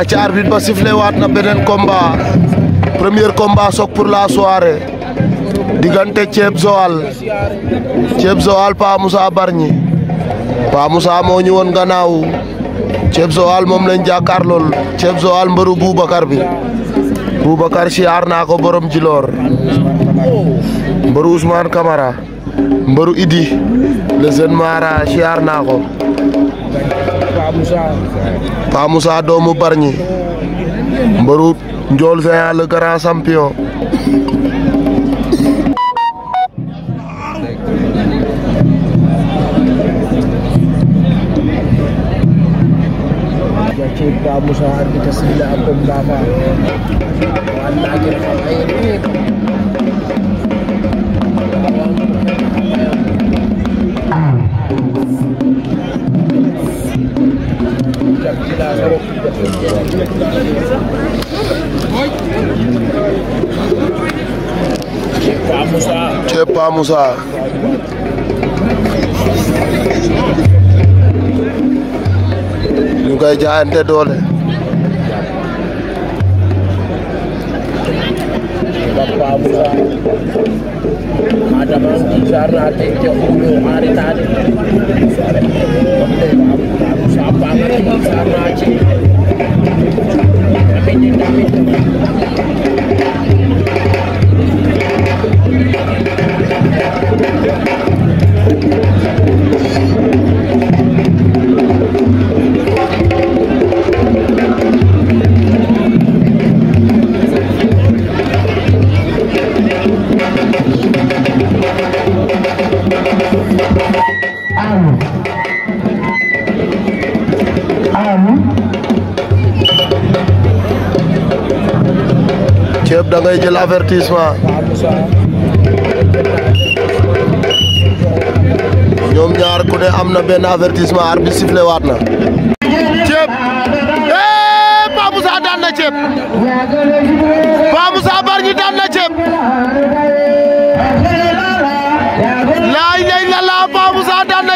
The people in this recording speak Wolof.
aca arbitre ba sifflé waat na beneen combat premier combat choc pour la soirée diggante Thieb Joal Thieb Joal Pa Moussa Bargny Pa Moussa moo ñu woon gannaaw Thieb Joal moom lañ jàkkaar lool Thieb mbaru mbëru Boubacar bi Boubacar siyaar naa ko borom Djilor mbëru Ousmane Camara mbëru Idi le jeune Mara siyaar naa ko Pa Moussa mu Bargny mbaru Ndiol Géant le grand champion Pa Moussa arbitre sila akong lama. Wala ka na Cepa Moussa ñu koy jaayante doole Thank you. yëpp da ngay jël avertissement ñoom ñaar ku ne am na benn avertissement arbitre sifflé laa Paa Moussa daan na